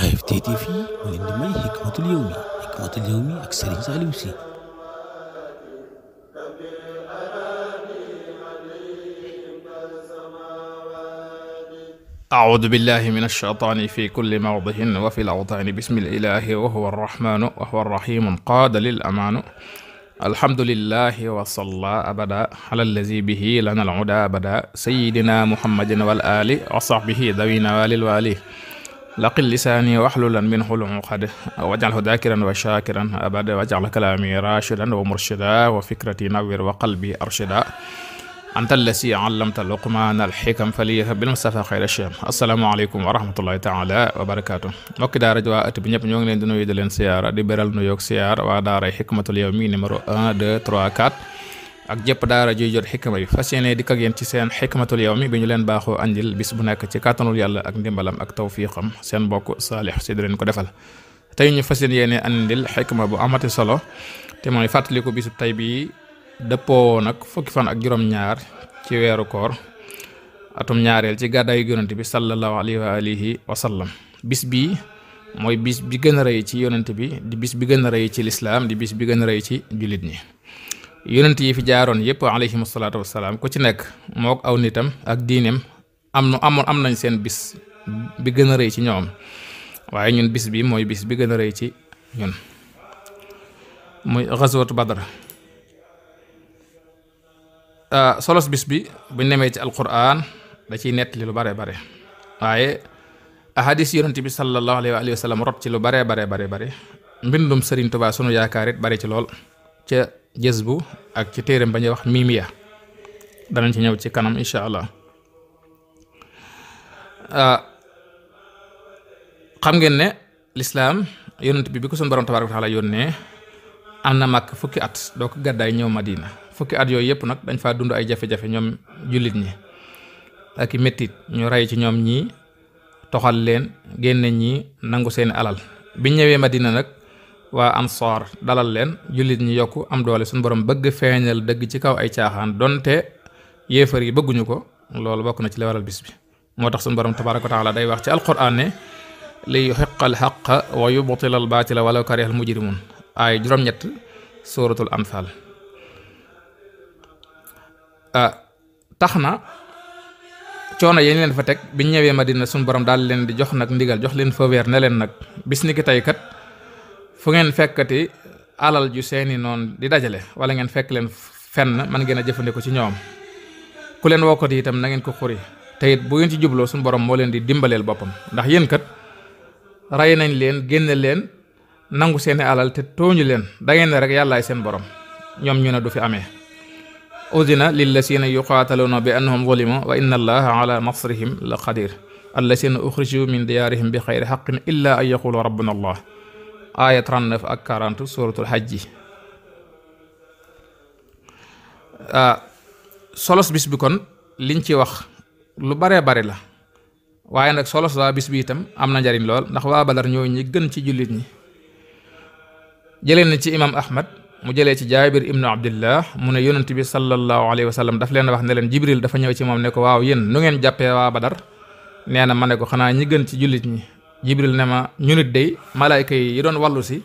AFT TV mu leen di may Hikmatul Yawmi Hikmatul Yawmi ak Serigne Saliou Sy أعوذ بالله من الشيطان في كل موضع وفي الأوطان بسم الإله وهو الرحمن وهو الرحيم قاد للأمان الحمد لله وصلى أبدا على الذي به لنا العدا أبدا سيدنا محمد والآل وصحبه ذوي النوال والي laqil lisaani waxlulan min xulum xade wajalhu dakiran wa shakiran abada wajal kalaami rashidan wa murshida wa fikrati nawir wa qalbi arshida anta allasi allamta luqmaan alxikam faliha bil mustafa xayra sham asalaamaaleykum wa rahmatullahi taala wa barakaatu mbokki daara ji waa at bi ñëpp ñoo ngi leen di nuyu di leen siyaara di beral nuyoog siyaar waa daaray ak jëpp daara juy jot xikma yi fas yéene dikk ak yéen ci seen xikmatul yawmi bi ñu leen baaxoo andil bis bu nekk ci kàttanul yàlla ak ndimbalam ak tawfiqam seen bokk saalix si di leen ko defal tey ñu fas yéene andil xikma bu amati solo te mooy fàttaliku bisub tey bi dëppoo nag fukki fan ak juróom-ñaar ci weeru koor atum ñaareel ci gàddaayu yonent bi sallallahu alayhi wa alihi wa sallam bis bi mooy bis bi gën a rëy ci yonent bi di bis bi gën a rëy ci lislaam di bi gën a rëy ci jullit ñi yonent yi fi jaaroon yëpp alayhim salaatu wasalaam ku ci nekk mook aw nitam ak diineem am nu amoon am nañ seen bis bi gën a rëy ci ñoom waaye ñun bis bi mooy bis bi gën a rëy ci ñun muy xaswatu badar ah, solos bis bi buñ nemee ci alquran da ciy nettali lu bare bare waaye ahadis yonent bi sallallahu alayhi wa sallam rot ci lu bare bare bare bare mbindum Sëriñ Tuubaa sunu yaakaar it bare ci lool ca jazbu ak ci téereem ba ñuy wax mimiya danañ ci ñëw ci kanam incha allah ah, xam ngeen ne lislaam yonent bi bi ko suñu borom tabaaraka wa taala yónnee am na mag fukki at doo ko gàddaay ñëw madina fukki at yooyu yëpp nag dañ fa dund ay jafe-jafe ñoom jullit ñi ak i mettit ñu rey ci ñoom ñii toxal leen génne ñii nangu seeni alal bi ñëwee madina nag waa ansoor dalal leen jullit ñi yokk am doole suñu borom bëgg feeñal dëgg ci kaw ay caaxaan donte yéefar yi bëgguñu ko loolu bokk na ci li waral bis bi moo tax suñu borom tabaaraka wa la day wax ci alquran ne li yuxiqa al xaqa wa yubtila al baatila walaw kariha al mujrimun ay juróom-ñett suratul anfal ah, tax na coono yéen leen fa teg biñ ñëwee dina suñu borom daal leen di jox nag ndigal jox leen fa weer ne leen nag bis ni ki tey kat fu ngeen fekkati alal ju seeni noonu di dajale wala ngeen fekk leen fenn man ngeen a jëfandikoo ci ñoom ku leen wokkati itam na ngeen ko xuri te it bu ngeen ci jubloo suñ borom moo leen di dimbaleel boppam ndax yéen kat rey nañ leen génne leen nangu seeni alal te tooñu leen da ngeen ne rek yàllaay seen borom ñoom ñu ne du fi amee uzina lillazina yuqaataluuna bi annahum zulimu wa inna allaha ala nasrihim la qadir allazina uxriju min diyaarihim bi xayri xaqin illa an yaqulu rabbuna aaya 39 ak 40 suratul ji ah, solos bis bi kon liñ ci wax lu baree bari la waaye nag solos waa bis bi itam am na njariñ lool ndax waa Badar ñoo ñi gën ci jullit ñi jëlee na ci imam ahmad mu jëlee ci jaabir ibnu abdillah mu ne yonent bi sallallahu alayhi wa sallam daf leen wax ne leen jibril dafa ñëw ci moom ne ko waaw yéen nu ngeen jàppee waa Badar nee na ma ne ko xanaa ñi gën ci jullit ñi jibril ne ma ñu nit day malaayka yi doon wàllu si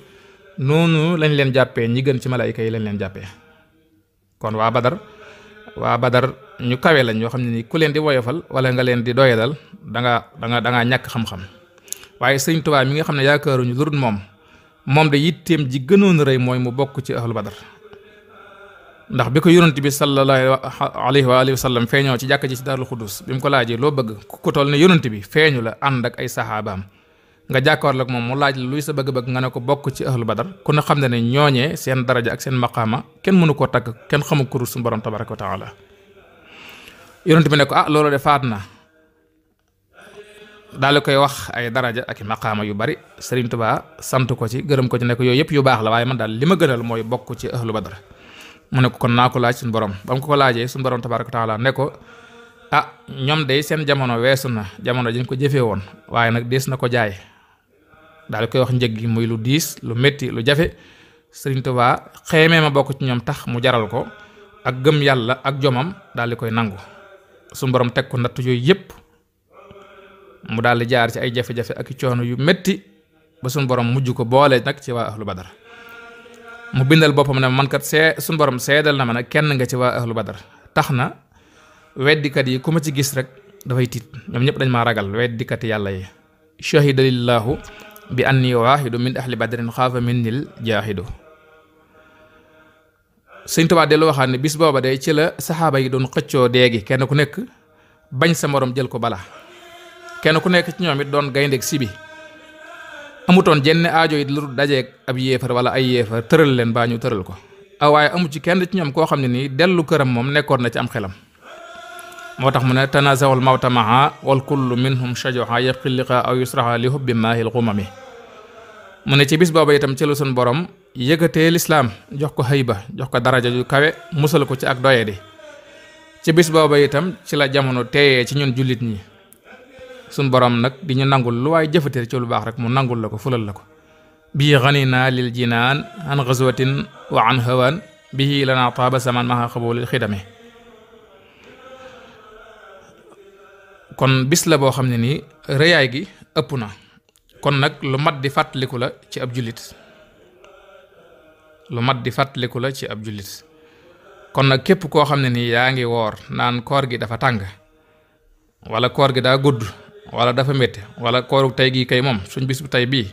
noonu lañ leen jàppe ñi gën ci malaayka yi lañ leen jàppe kon waa badar waa badar ñu kawe lañ yoo xam ne ni ku leen di woyofal wala nga leen di doyadal danga danga da ñàkk xam-xam waaye sëñ Tuubaa mi nga xam ne yaakaaruñu lu dul moom moom de yitteem ji gënoon rey mooy mu bokk ci ahlu badar ndax bi ko yonent bi sallallahu alayhi wa alihi wa sallam feeñoo ci jàkk ji ci daarul xudus bi mu ko laajee loo bëgg ku ko toll bi feeñu la ànd ak ay saxaabaam nga jàkkaarloog moom mu laaj luy sa bëgg-bëgg nga ne ko bokk ci ahlu badar ku ne xam ne ne ñooñee seen daraja ak seen maqaama kenn mënu koo tagg kenn xamu ko suñu borom tabaraka wa taala bi ne ko ah loolu de faat na daal di koy wax ay daraja ak maqaama yu bari Serigne Touba sant ko ci gërëm ko ci ne yooyu yëpp yu baax waaye man daal li ma gënal mooy bokk ci ahlu badar mu ne ko kon naa ko laaj suñu borom ba ko ko laajee suñu borom tabaraka taala ne ko ah ñoom day seen jamono weesu na jamono jañ ko jëfee woon waaye nag dees na ko jaay daal di koy wax njëg yi muy lu diis lu métti lu jafe Sëriñ Tuubaa xeemee ma bokk ci ñoom tax mu jaral ko ak gëm yàlla ak jomam daal di koy nangu suñu borom teg ko natt yooyu yëpp mu daal di jaar ci ay jafe-jafe ak coono yu metti ba suñu borom mujj ko boole nag ci waa ahlu badar mu bindal boppam ne man mankat see suñu borom seedal na ma nag kenn nga ci waa ahlu badar tax na weddikat yi ku ma ci gis rek dafay tiit ñoom ñëpp dañ ma ragal weddikati yàlla yi bi anni waahidu min ahli badrin xaafa minnil jaahidu sëñ Tuubaa dellu waxaat ne bis booba day ci la saxaaba yi doon xëccoo déegi kenn ku nekk bañ sa moroom jël ko bala kenn ku nekk ci ñoom it doon gayndeeg sibi amutoon jenn aajo it lu dajeeg ab yéefar wala ay yéefar tëral leen baa ñu tëral ko waaye amu ci kenn ci ñoom koo xam ne nii dellu këram moom nekkoon na ci am xelam moo tax mu ne tanazawal mawta maa wal kullu minhum shajoha yabqi liqa aw yusraha li hubbi maahil xumami mu ne ci bis booba itam ci la sun borom yëgatee lislaam jox ko xëyba jox ko daraja ju kawe musal ko ci ak doye di ci bis booba itam ci la jamono teeyee ci ñun jullit ñi sun borom nag di ñu nangul lu waaye jëfatee ci lu baax rek mu nangul la ko fulal la ko bii xaninaa lil jinaan an xaswatin wa an hawan bihi lanaa taaba saman maha kon bis la boo xam ne nii rëyaay gi ëpp na kon nag lu mat di fàttaliku la ci ab jullit lu mat di fàttaliku la ci ab jullit kon nag képp koo xam ne nii yaa ngi woor naan koor gi dafa tàng wala koor gi daa gudd walla dafa métti wala kooru tey gii kay moom suñ bis bu tey bii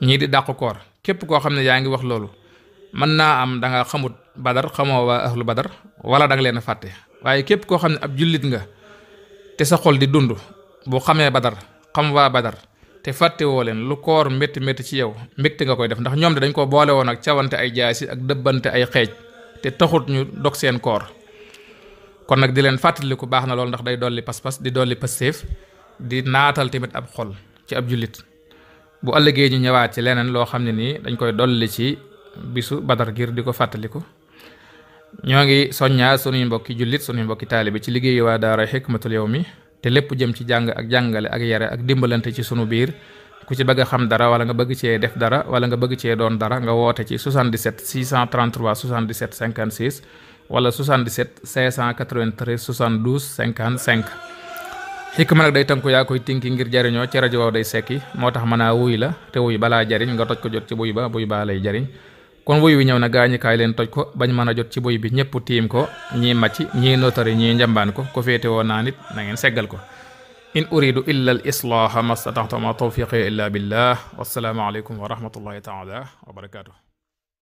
ñii di dàqu koor képp koo xam ne yaa ngi wax loolu mën naa am da nga xamut badar xamoo waa ahlu badar wala da leen fàtte waaye képp koo xam ne ab jullit nga. te sa xol di dund bu xamee badar xam waa badar te fàtte woo leen lu koor métti métti ci yow mbégte nga koy def ndax ñoom de dañ ko boole woon ak cawante ay jaasi ak dëbbante ay xeej te taxut ñu dog seen koor kon nag di leen fàttaliku baax na lool ndax day dolli pas-pas di dolli pastéef di naatal tamit ab xol ci ab jullit bu ëllëgee ñu ñëwaat ci leneen loo xam ne nii dañ koy dolli ci bisu badar ngir di ko fàttaliku ñoo ngi soññaar sunuy mbokki jullit sunuy mbokki taalibe ci liggéeyu waa daara Hikmatul mi te lépp jëm ci jàng ak jàngale ak yare ak dimbalante ci sunu biir ku ci bëgg xam dara wala nga bëgg cee def dara wala nga bëgg cee doon dara nga woote ci 77 633 77 56 wala 77 593 72 55. Hikma nag day tënku yaa koy tinki ngir jariñoo ci rajo waaw day sekki moo tax mën a wuy la te wuy balaa jariñ nga toj ko jot ci buy ba buy baa lay jariñ kon wuy wi na gaañi leen toj ko bañ mën a jot ci boy bi ñëpp tiim ko ñii màcc ñii notari ñii njambaan ko ko féete woo naa nit nangeen seggal ko in uridu illa al islaaha mastata'tu ma tawfiqi illa billah wassalaamu aleykum wa rahmatullahi taala wa barakatuh